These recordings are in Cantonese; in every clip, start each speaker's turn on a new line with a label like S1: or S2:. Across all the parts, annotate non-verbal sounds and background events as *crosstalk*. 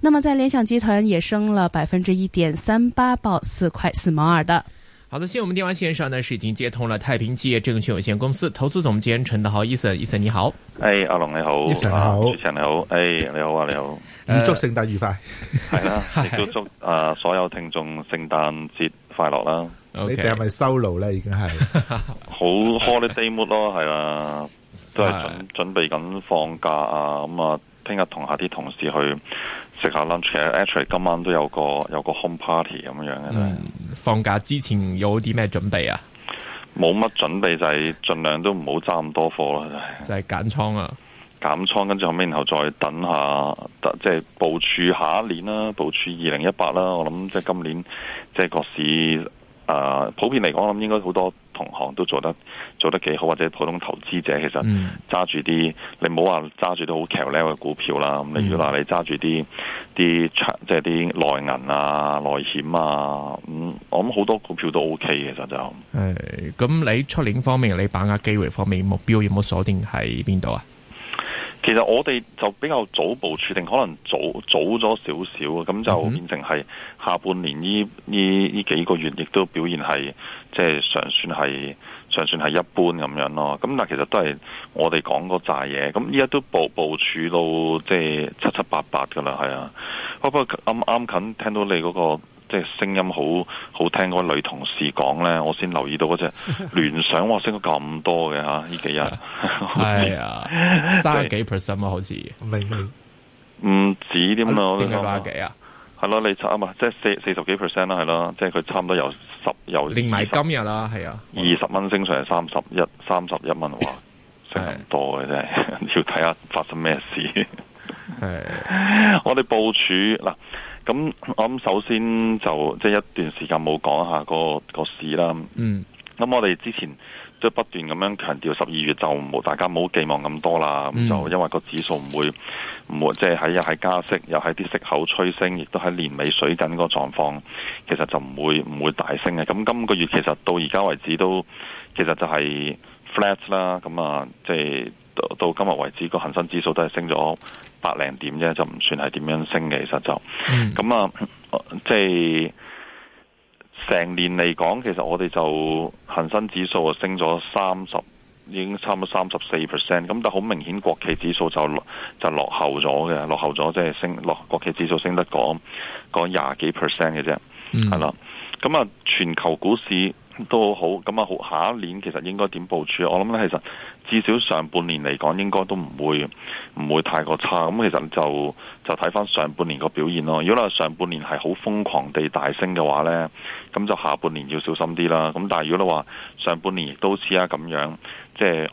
S1: 那麼，在聯想集團也升了百分之一點三八，報四塊四毛二的。
S2: 好的，現在我們電話線上呢是已經接通了太平基業證券有限公司投資總監陳德豪，Eason。Eason 你好。哎、
S3: hey,，阿龍你好，Eason 你好，你好，哎，啊、你，好 hey, 你好啊，你好，
S2: 預祝聖誕愉快，係、呃、啦，亦都 *laughs*
S3: 祝啊、呃、所有聽眾聖誕節快樂啦。Okay. 你哋係咪
S2: 收爐咧？已經係
S3: 好 holiday mood 咯，係啦，都係準、呃、準備緊放假啊，咁、嗯、啊。聽日同下啲同事去食下 lunch，actually 今晚都有個有個 home party 咁樣
S2: 嘅、嗯。放假之前有啲咩準備啊？
S3: 冇乜準備就係、是、盡量都唔好揸咁多貨啦，就係、
S2: 是、減倉啊，
S3: 減倉跟住後面然後再等下，即、就、係、是、部署下一年啦，部署二零一八啦。我諗即係今年即係個市。誒、uh,，普遍嚟講，我諗應該好多同行都做得做得幾好，或者普通投資者其實揸住啲，你唔好話揸住啲好強咧嘅股票啦。咁、嗯、如果話你揸住啲啲即係啲內銀啊、內險啊，咁、嗯、我諗好多股票都 OK 其實就咁。
S2: 誒、哎，咁你出年方面，你把握機會方面，目標有冇鎖定喺邊度啊？
S3: 其實我哋就比較早部署定，可能早早咗少少咁就變成係下半年呢呢呢幾個月，亦都表現係即係尚算係尚算係一般咁樣咯。咁但係其實都係我哋講嗰扎嘢，咁依家都部部署到即係七七八八噶啦，係啊。不過啱啱近聽到你嗰、嗰個。即係聲音好好聽嗰女同事講咧，我先留意到嗰隻聯想 *laughs* 哇升咗咁多嘅，吓呢幾日係啊，三十幾
S2: percent 啊好似，唔
S3: 止添咯，點解八幾啊？係咯 *laughs* 30 多， *laughs* 你查啊嘛，即係四四十幾 percent 啦，係咯，即係佢差唔多有十有十。連埋
S2: 今日啦，係啊，
S3: 二十蚊升上係三十一三十一蚊，哇，升 *laughs* 咁多嘅真係，要睇下發生咩事。係 *laughs* 是， *laughs* 我哋部署嗱。啊。咁我諗首先就即係、就是、一段時間冇講下個個市啦。咁、嗯、我哋之前都不斷咁樣強調，十二月就唔好大家冇寄望咁多啦。咁、嗯、就因為個指數唔會唔會即係喺又係加息，又係啲息口趨升，亦都喺年尾水緊個狀況，其實就唔會唔會大升嘅。咁今個月其實到而家為止都其實就係 flat 啦。咁啊，即係到到今日為止個恒生指數都係升咗。百零點啫，就唔算係點樣升嘅，其實就咁啊，即係成年嚟講，其實我哋就恒生指數升咗三十，已經差唔多三十四 percent，咁但好明顯，國企指數就落就落後咗嘅，落後咗即係升落國企指數升得講講廿幾 percent 嘅啫，係啦，咁啊、嗯嗯嗯、全球股市，都好，咁啊，好下一年其實應該點部署？我諗咧，其實至少上半年嚟講應該都唔會唔會太過差。咁其實就就睇翻上半年個表現咯。如果話上半年係好瘋狂地大升嘅話咧，咁就下半年要小心啲啦。咁但係如果你話上半年亦都似啊咁樣，即係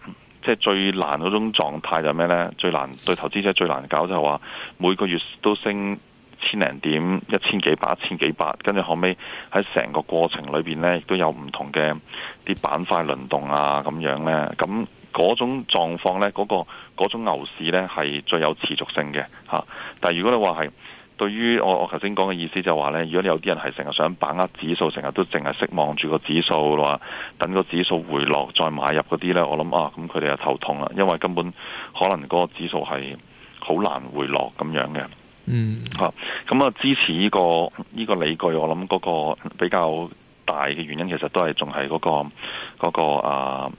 S3: 即係最難嗰種狀態就咩咧？最難對投資者最難搞就係話每個月都升。千零點，一千幾百，一千幾百，跟住後尾喺成個過程裏面呢，亦都有唔同嘅啲板塊輪動啊，咁樣呢，咁嗰種狀況呢，嗰個嗰種牛市呢，係最有持續性嘅。但如果你話係對於我我頭先講嘅意思，就係話呢，如果你有啲人係成日想把握指數，成日都淨係識望住個指數話，等個指數回落再買入嗰啲呢，我諗啊，咁佢哋又頭痛啦，因為根本可能個指數係好難回落咁樣嘅。嗯、好、啊，咁、嗯、啊支持呢、這個依、這個理據，我諗嗰個比較大嘅原因，其實都係仲係嗰個嗰、那個啊，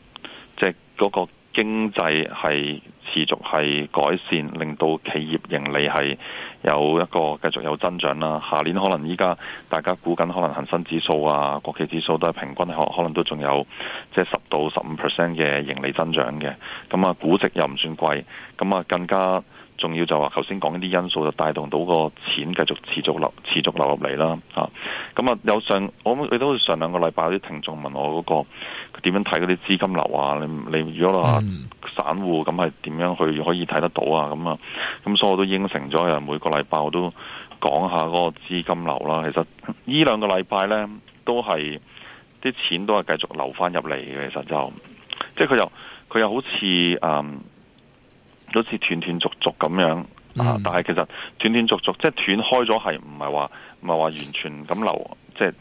S3: 即、就、係、是、個經濟係持續係改善，令到企業盈利係有一個繼續有增長啦。下年可能依家大家估緊，可能恒生指數啊、國企指數都係平均可可能都仲有即係十到十五 percent 嘅盈利增長嘅。咁、嗯、啊，估值又唔算貴，咁、嗯、啊更加。仲要就話頭先講啲因素就帶動到個錢繼續持續流持續流入嚟啦，吓，咁啊有上我你都上兩個禮拜啲聽眾問我嗰個點樣睇嗰啲資金流啊？你你如果話散戶咁係點樣去可以睇得到啊？咁啊咁所以我都應承咗每個禮拜我都講下嗰個資金流啦。其實呢兩個禮拜呢，都係啲錢都係繼續流翻入嚟嘅，其實就即係佢又佢又好似都似斷斷續續咁樣、嗯、啊！但係其實斷斷續續，即、就、係、是、斷開咗，係唔係話唔係話完全咁流？即係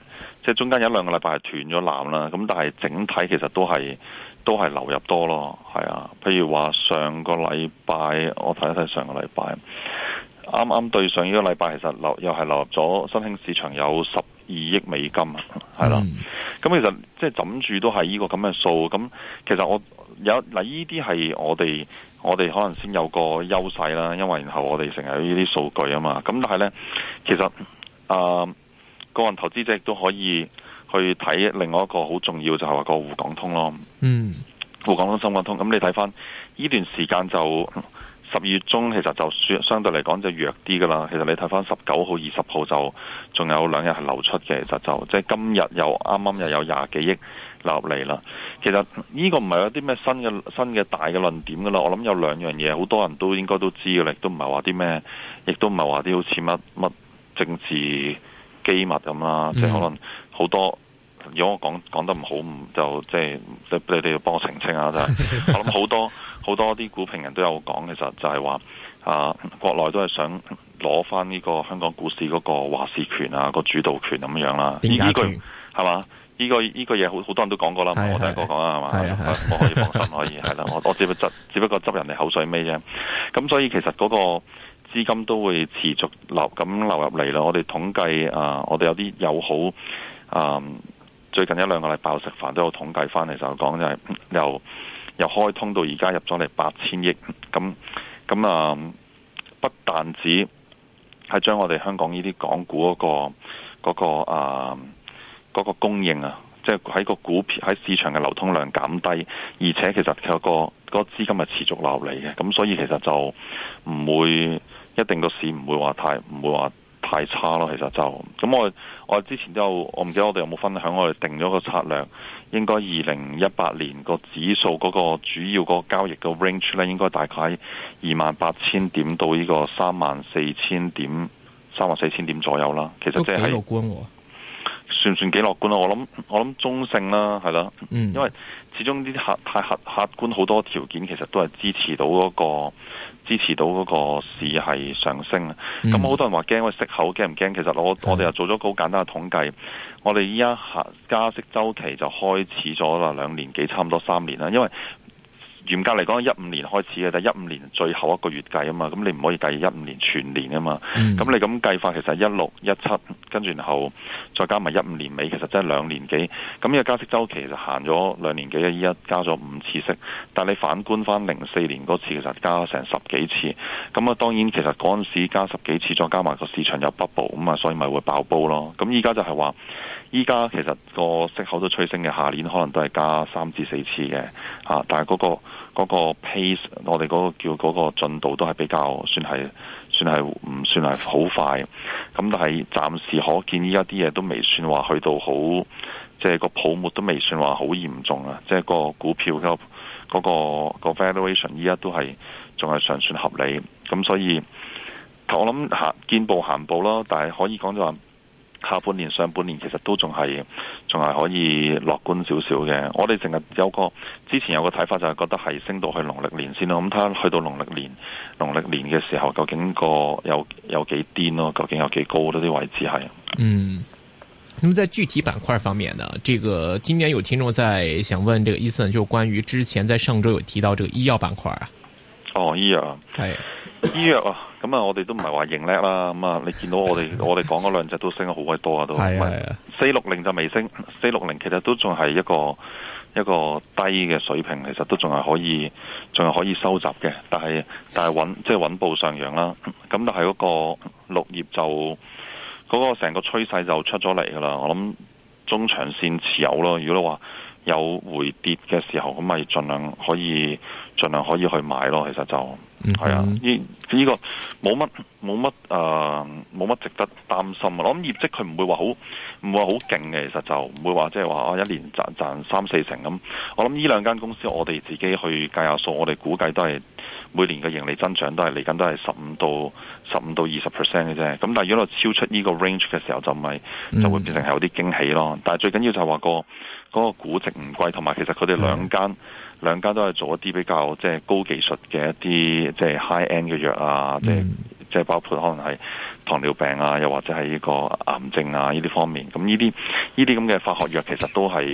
S3: 即中間有一兩個禮拜係斷咗纜啦。咁但係整體其實都係都係流入多咯，係啊。譬如話上個禮拜，我睇一睇上個禮拜啱啱對上呢個禮拜，其實流又係流入咗新興市場有十二億美金，係啦、啊。咁、嗯嗯嗯、其實即係枕住都係依個咁嘅數。咁其實我有嗱，依啲係我哋。我哋可能先有個優勢啦，因為然後我哋成日有呢啲數據啊嘛，咁但係呢，其實誒、呃、個人投資者都可以去睇另外一個好重要就係、是、話個滬港通咯。嗯，滬港通、深港通，咁、嗯、你睇翻呢段時間就十二月中其實就相對嚟講就弱啲噶啦。其實你睇翻十九號、二十號就仲有兩日係流出嘅，其實就即係今日又啱啱又有廿幾億，入嚟啦，其實呢個唔係有啲咩新嘅新嘅大嘅論點噶啦，我諗有兩樣嘢，好多人都應該都知嘅，亦都唔係話啲咩，亦都唔係話啲好似乜乜政治機密咁啦，即、嗯、係、就是、可能好多如果我講講得唔好，就即係、就是、你哋要幫我澄清下。真、就是、 *laughs* 我諗好多好多啲股評人都有講，其實就係話啊，國內都係想攞翻呢個香港股市嗰個話事權啊，個主導權咁、那個、樣啦，呢句係嘛？呢、這個呢、這個嘢好好多人都講過啦，是是是我聽哥講啦係嘛，我可以放心可以係啦，我我只不執，只不過執人哋口水尾啫。咁所以其實嗰個資金都會持續流咁流入嚟咯。我哋統計啊、呃，我哋有啲友好啊、呃，最近一兩個禮拜食飯都有統計返嚟，就講就係、是、由由開通到而家入咗嚟八千億，咁咁啊，不但止係將我哋香港呢啲港股嗰、那個、那個啊。呃嗰、那個供應啊，即係喺個股票喺市場嘅流通量減低，而且其實佢個嗰資金係持續流入嘅，咁所以其實就唔會一定個市唔會話太唔會話太差咯。其實就咁，我我之前就我唔知我哋有冇分享，我哋定咗個策略，應該二零一八年個指數嗰個主要個交易個 range 咧，應該大概二萬八千點到呢個三萬四千點，三萬四千點左右啦。其實即、就、係、是。都幾多算唔算幾樂觀啊？我諗我諗中性啦，係啦，嗯、因為始終呢啲客太客客觀好多條件，其實都係支持到嗰、嗰個支持到嗰個市係上升啊。咁、嗯、好多人話驚，我息口驚唔驚？其實我我哋又做咗個好簡單嘅統計，我哋依家加息周期就開始咗啦，兩年幾差唔多三年啦，因為。嚴格嚟講，一五年開始嘅，但係一五年最後一個月計啊嘛，咁你唔可以計一五年全年啊嘛。咁、嗯、你咁計法，其實一六一七，跟住然後再加埋一五年尾，其實真係兩年幾。咁呢個加息周期就行咗兩年幾啊！依家加咗五次息，但你反觀翻零四年嗰次，其實加成十幾次。咁啊，當然其實嗰陣時加十幾次，再加埋個市場又不保，咁啊，所以咪會爆煲咯。咁依家就係話。依家其實個息口都趨升嘅，下年可能都係加三至四次嘅、啊、但係嗰個、嗰個 pace，我哋嗰個叫嗰個進度都係比較算係算係唔算係好快。咁但係暫時可見，依家啲嘢都未算話去到好，即係個泡沫都未算話好嚴重啊！即係個股票嗰個、嗰個嗰個 valuation 依家都係仲係尚算合理。咁所以我諗行見步行步囉，但係可以講就話。下半年、上半年其實都仲係仲係可以樂觀少少嘅。我哋成日有個之前有個睇法就係覺得係升到去農曆年先咯。咁睇下去到農曆年、農曆年嘅時候，究竟個有有幾癲咯？究竟有幾高？呢啲位置
S2: 係嗯。咁在具體板塊方面呢，這個今年有聽眾在想問，這個 Eason 就關於之前在上周有提到這個醫藥板塊啊。哦，醫藥啊，係
S3: 醫藥啊，咁啊，我哋都唔係話認叻啦，咁啊，你見到我哋 *laughs* 我哋講嗰兩隻都升咗好鬼多都是啊，都係啊，四六零就未升，四六零其實都仲係一個一個低嘅水平，其實都仲係可以仲係可以收集嘅，但係但係穩即係穩步上揚啦，咁就係嗰個綠葉就嗰、嗰個成個趨勢就出咗嚟噶啦，我諗中長線持有咯，如果你話。有回跌嘅時候，咁咪盡量可以，盡量可以去買咯。其實就係啊，呢、嗯、呢、呢個冇乜。冇乜誒，冇、呃、乜值得擔心啊！我諗業績佢唔會話好，唔會話好勁嘅，其實就唔會話即係話啊一年賺賺三四成咁。我諗呢兩間公司，我哋自己去計下數，我哋估計都係每年嘅盈利增長都係嚟緊都係十五到十五到二十 percent 嘅啫。咁但係如果喺超出呢個 range 嘅時候，就咪就會變成有啲驚喜咯。Mm. 但係最緊要就係話、嗰個嗰、嗰個估值唔貴，同埋其實佢哋兩間、mm. 兩間都係做一啲比較即係、就是、高技術嘅一啲即係 high end 嘅藥啊，即、就、係、是。Mm. 即係包括可能係糖尿病啊，又或者係呢個癌症啊呢啲方面，咁呢啲呢啲咁嘅化學藥其實都係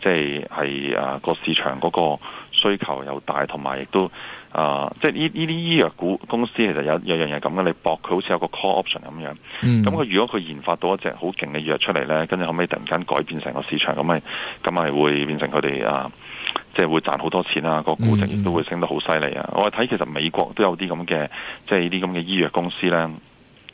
S3: 即係係啊個市場嗰個需求又大，同埋亦都啊即係呢呢啲醫藥股公司其實有有樣嘢咁嘅，你博佢好似有個 call option 咁樣，咁、嗯、佢如果佢研發到一隻好勁嘅藥出嚟咧，跟住後尾突然間改變成個市場，咁咪咁係會變成佢哋啊。即係會賺好多錢啊！個估值亦都會升得好犀利啊！我睇其實美國都有啲咁嘅，即係呢啲咁嘅醫藥公司咧，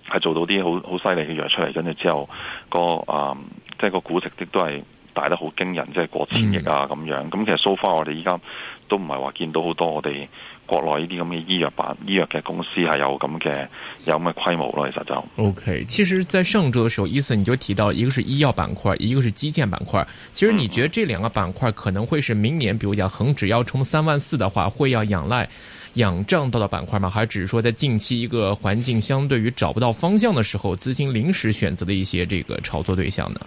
S3: 係做到啲好好犀利嘅藥出嚟，跟住之後個啊、呃，即係個估值亦都係。賣得好驚人，即係過千億啊咁樣。咁、 *noise* okay, 其實 so far 我哋依家都唔係話見到好多我哋國內呢啲咁嘅醫藥板、醫藥嘅公司係有咁嘅有咁嘅規模咯。其實就
S2: O K，其實，在上周嘅時候，Eason 你就提到，一個是醫藥板塊，一個是基建板塊。其實你覺得這兩個板塊可能會是明年，比如講恒指要衝三萬四的話，會要仰賴仰仗到的板塊嗎？還是指說在近期一個環境相對於找不到方向的時候，資金臨時選擇的一些這個炒作對象呢？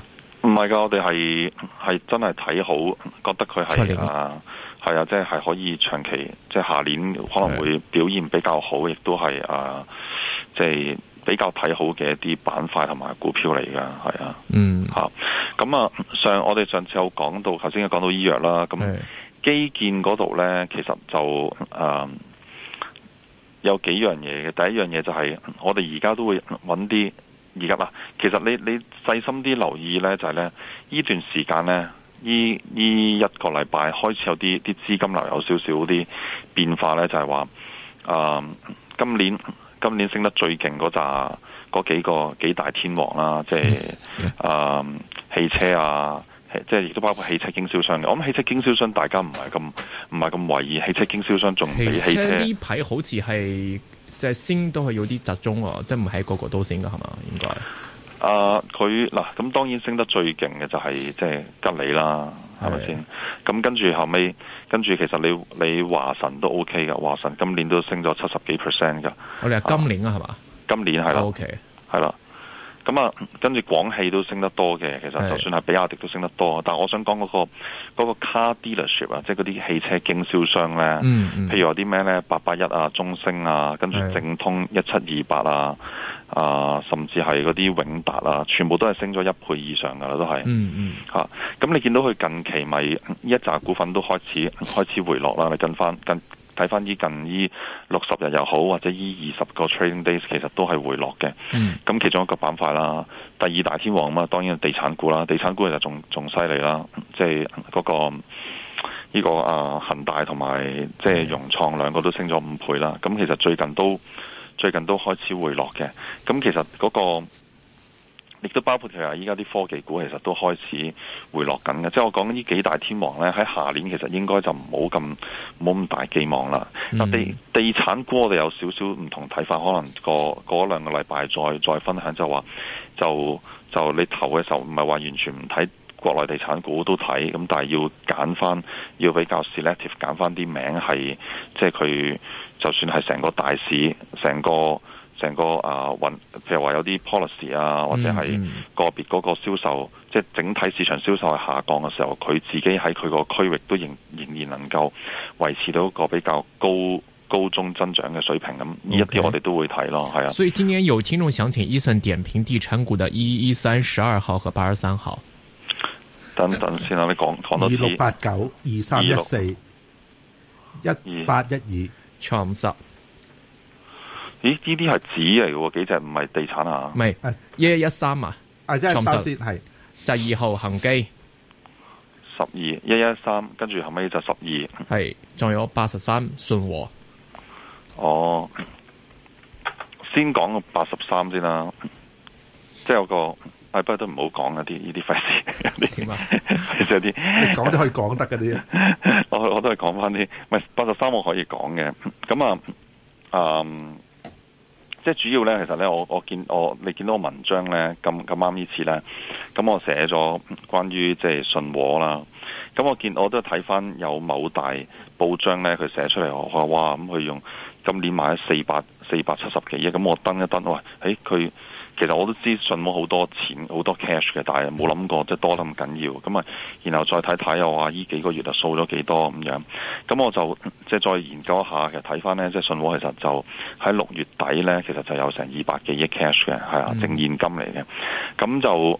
S3: 唔係噶，我哋係係真係睇好，覺得佢係啊，係啊，即係可以長期，即係下年可能會表現比較好，亦都係啊，即係比較睇好嘅一啲板塊同埋股票嚟噶，係啊，嗯啊，咁啊，上我哋上次有講到，頭先又講到醫藥啦，咁基建嗰度咧，其實就誒有幾樣嘢嘅，第一樣嘢就係我哋而家都會搵啲。而家啦，其實你你細心啲留意呢，就係、是、呢呢段時間呢，呢呢一個禮拜開始有啲啲資金流有少少啲變化呢就係、是、話，啊、嗯，今年今年升得最勁嗰扎嗰幾個幾大天王啦、啊，即係啊汽車啊，即係亦都包括汽車經銷商嘅。我諗汽車經銷商大家唔係咁唔係咁懷疑，汽車經銷商仲比汽車呢
S2: 排好似係。即係升都係有啲集中喎，即係唔係個個都升噶，係嘛？應該
S3: 啊，佢嗱咁當然升得最勁嘅就係即係吉利啦，係咪先？咁跟住後尾，跟住其實你你華晨都 OK 噶，華晨今年都升咗七十幾 percent 噶。
S2: 我哋係今年啊，係、uh, 嘛？
S3: 今年係啦，OK，係啦。咁啊，跟住廣汽都升得多嘅，其實就算係比亞迪都升得多。但係我想講嗰個嗰個 car dealership 啊，即係嗰啲汽車經銷商咧、嗯嗯，譬如話啲咩咧，八八一啊、中升啊，跟住正通一七二八啊，啊，甚至係嗰啲永達啊，全部都係升咗一倍以上噶啦，都係。嗯嗯。咁、啊、你見到佢近期咪一扎股份都開始開始回落啦？你跟翻跟。睇翻呢近呢六十日又好，或者呢二十個 trading days，其實都係回落嘅。咁、mm. 其中一個板塊啦，第二大天王嘛，當然係地產股啦，地產股其實仲仲犀利啦。即係嗰個呢、呢個啊恒大同埋即係融創兩個都升咗五倍啦。咁其實最近都最近都開始回落嘅。咁其實嗰、嗰個。亦都包括其實依家啲科技股其實都開始回落緊嘅，即係我講緊呢幾大天王咧，喺下年其實應該就唔好咁冇咁大寄望啦、嗯。地地產股我哋有少少唔同睇法，可能過過兩個禮拜再再分享，就話、是、就就你投嘅時候唔係話完全唔睇國內地產股都睇，咁但係要揀翻要比較 selective 揀翻啲名係即係佢就算係成個大市成個。成個啊運、呃，譬如話有啲 policy 啊，或者係個別嗰個銷售，嗯嗯、即係整體市場銷售下降嘅時候，佢自己喺佢個區域都仍仍然能夠維持到一個比較高高中增長嘅水平咁，呢一啲我哋都會睇咯，係、okay，啊。所
S2: 以今年有聽眾想請 Eason 點評地產股嘅一一三十二號和八十三號。
S3: 等等先啦，你講講多次。二六八九二三一
S2: 四一八一二差十。
S3: 咦？呢啲係紙嚟嘅？幾隻唔係地產啊？未
S2: 一一一三啊？啊，即係首先係十二號恒基，
S3: 十二一一一三，跟住後尾就十二，
S2: 係仲有八十三信和。
S3: 哦，先講個八十三先啦，即係有個唉、哎，不過都唔好講嗰啲呢啲費事。有啲啊， *laughs* 有啲
S2: 點
S1: 講 *laughs* 都可以講得嘅
S3: 啲我我都係講翻啲，唔係八十三我可以講嘅。咁啊，嗯。即係主要咧，其實咧，我見我見我你見到個文章咧，咁咁啱呢次咧，咁我寫咗關於即係信和啦。咁我見我都睇翻有某大報章咧，佢寫出嚟我話哇，咁佢用。今年買咗四百四百七十幾億，咁我登一登喂，誒、哎、佢其實我都知信和好多錢好多 cash 嘅，但係冇諗過即係多得咁緊要，咁啊，然後再睇睇我話呢幾個月就掃咗幾多咁樣，咁我就即係再研究一下，其實睇翻咧即係信和其實就喺六月底咧，其實就有成二百幾億 cash 嘅，係啊，淨、嗯、現金嚟嘅，咁就。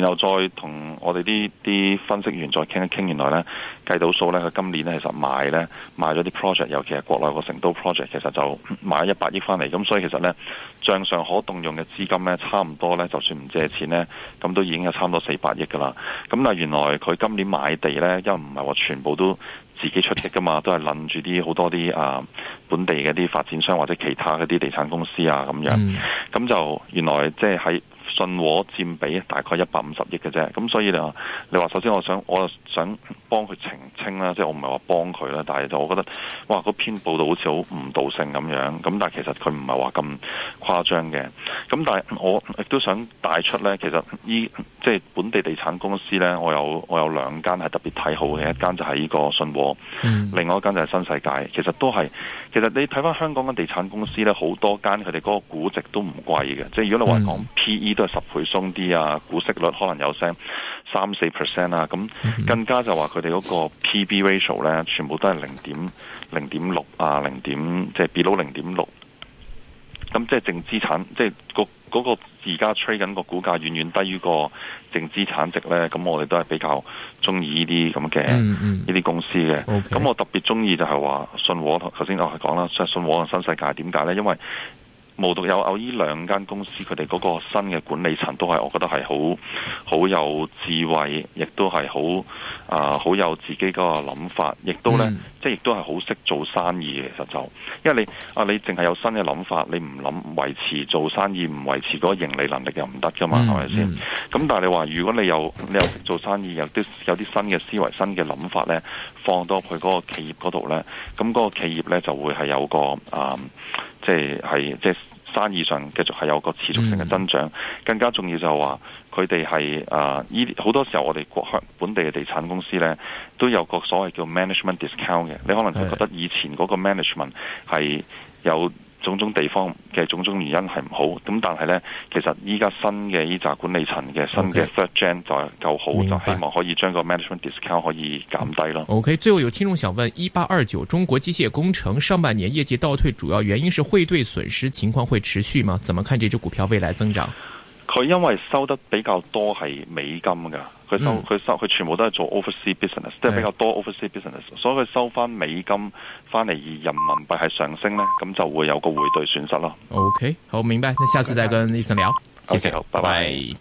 S3: 然後再同我哋啲啲分析員再傾一傾，原來咧計到數呢，佢今年咧其實買咧買咗啲 project，尤其係國內個成都 project，其實就買了一百億翻嚟。咁所以其實呢，帳上可動用嘅資金呢，差唔多呢，就算唔借錢呢，咁都已經有差唔多四百億噶啦。咁但係原來佢今年買地呢，因為又唔係話全部都自己出息噶嘛，都係諗住啲好多啲啊本地嘅啲發展商或者其他嗰啲地產公司啊咁樣，咁就原來即係喺。信和佔比大概一百五十億嘅啫，咁所以咧，你話首先我想，我想幫佢澄清啦，即係我唔係話幫佢啦，但係就我覺得，哇，個篇報道好似好誤導性咁樣，咁但係其實佢唔係話咁誇張嘅，咁但係我亦都想帶出呢，其實依即係本地地產公司呢，我有我有兩間係特別睇好嘅，一間就係呢個信和，嗯、另外一間就係新世界，其實都係，其實你睇翻香港嘅地產公司呢，好多間佢哋嗰個估值都唔貴嘅、嗯，即係如果你話講 P E、嗯、都。十倍鬆啲啊，股息率可能有聲三四 percent 啦，咁更加就話佢哋嗰個 P/B ratio 咧，全部都係零點零點六啊，零點即係 below 零點六。咁即係淨資產，即係嗰嗰個而家吹緊個股價遠遠低於個淨資產值咧，咁我哋都係比較中意呢啲咁嘅呢啲公司嘅。咁、okay. 我特別中意就係話信和頭先我係講啦，信信和新世界點解咧？因為無獨有偶，依兩間公司佢哋嗰個新嘅管理層都係，我覺得係好好有智慧，亦都係好啊好有自己個諗法，亦都呢，嗯、即係亦都係好識做生意嘅。其實就，因為你啊，你淨係有新嘅諗法，你唔諗維持做生意，唔維持嗰個盈利能力又唔得㗎嘛，係咪先？咁、嗯、但係你話，如果你有你有識做生意，有啲有啲新嘅思維、新嘅諗法呢，放到去嗰個企業嗰度呢，咁、那、嗰個企業呢，就會係有個啊。呃即係即係生意上繼續係有個持續性嘅增長，更加重要就係話，佢哋係啊，依好多時候我哋國本地嘅地產公司呢都有個所謂叫 management discount 嘅。你可能就覺得以前嗰個 management 係有。種種地方嘅種種原因係唔好，咁但係呢，其實依家新嘅呢揸管理層嘅新嘅 third gen 就係夠好，就希望可以將個 management discount 可以減低
S2: 咯。OK，最後有聽眾想問：一八二九中國機械工程上半年業績倒退，主要原因是匯兌損失，情況會持續嗎？怎麼看這隻股票未來增長？
S3: 佢因為收得比較多係美金嘅，佢收佢、嗯、收佢全部都係做 office business，、嗯、即係比較多 office business，、嗯、所以佢收翻美金翻嚟，而人民幣係上升咧，咁就會有個匯兌損失咯。
S2: OK，好明白，下次再跟醫生聊。OK，好，拜拜。
S3: 拜拜。